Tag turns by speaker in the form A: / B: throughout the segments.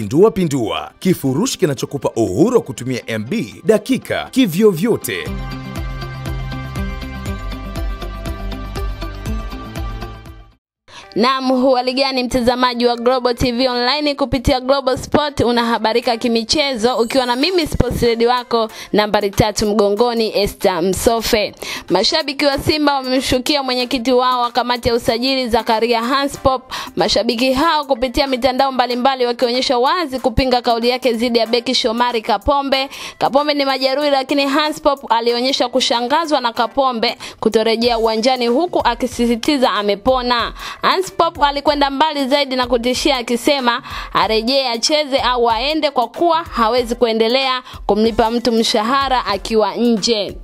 A: pindua pindua, kifurushi kinachokupa uhuru wa kutumia MB dakika kivyovyote. Naam, huhali gani mtazamaji wa Global TV Online kupitia Global Sport unahabarika kimichezo ukiwa na mimi sports lady wako nambari tatu mgongoni Esther Msofe. Mashabiki wa Simba wamemshukia mwenyekiti wao wa kamati ya usajili Zakaria Hanspop. Mashabiki hao kupitia mitandao mbalimbali wakionyesha wazi kupinga kauli yake dhidi ya beki Shomari Kapombe. Kapombe ni majeruhi, lakini Hanspop alionyesha kushangazwa na Kapombe kutorejea uwanjani, huku akisisitiza amepona. Hanspop alikwenda mbali zaidi na kutishia akisema arejee acheze au aende, kwa kuwa hawezi kuendelea kumlipa mtu mshahara akiwa nje.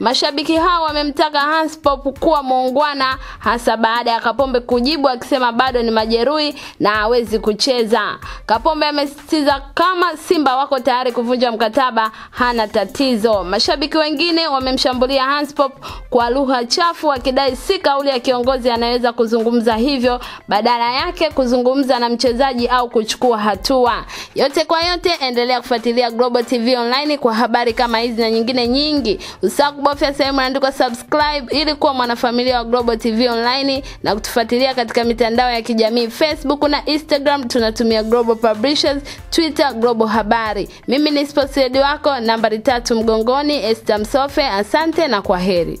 A: Mashabiki hao wamemtaka Hans Pop kuwa muungwana, hasa baada ya Kapombe kujibu akisema bado ni majeruhi na hawezi kucheza. Kapombe amesisitiza kama Simba wako tayari kuvunja mkataba, hana tatizo. Mashabiki wengine wamemshambulia Hans Pop kwa lugha chafu, wakidai si kauli ya kiongozi anaweza kuzungumza hivyo, badala yake kuzungumza na mchezaji au kuchukua hatua. Yote kwa yote, endelea kufuatilia Global TV Online kwa habari kama hizi na nyingine nyingi. Usisahau ya sehemu imeandikwa subscribe ili kuwa mwanafamilia wa Global TV Online na kutufuatilia katika mitandao ya kijamii Facebook na Instagram, tunatumia Global Publishers, Twitter Global Habari. Mimi ni sponsedi wako nambari tatu mgongoni, Esther Msofe. Asante na kwa heri.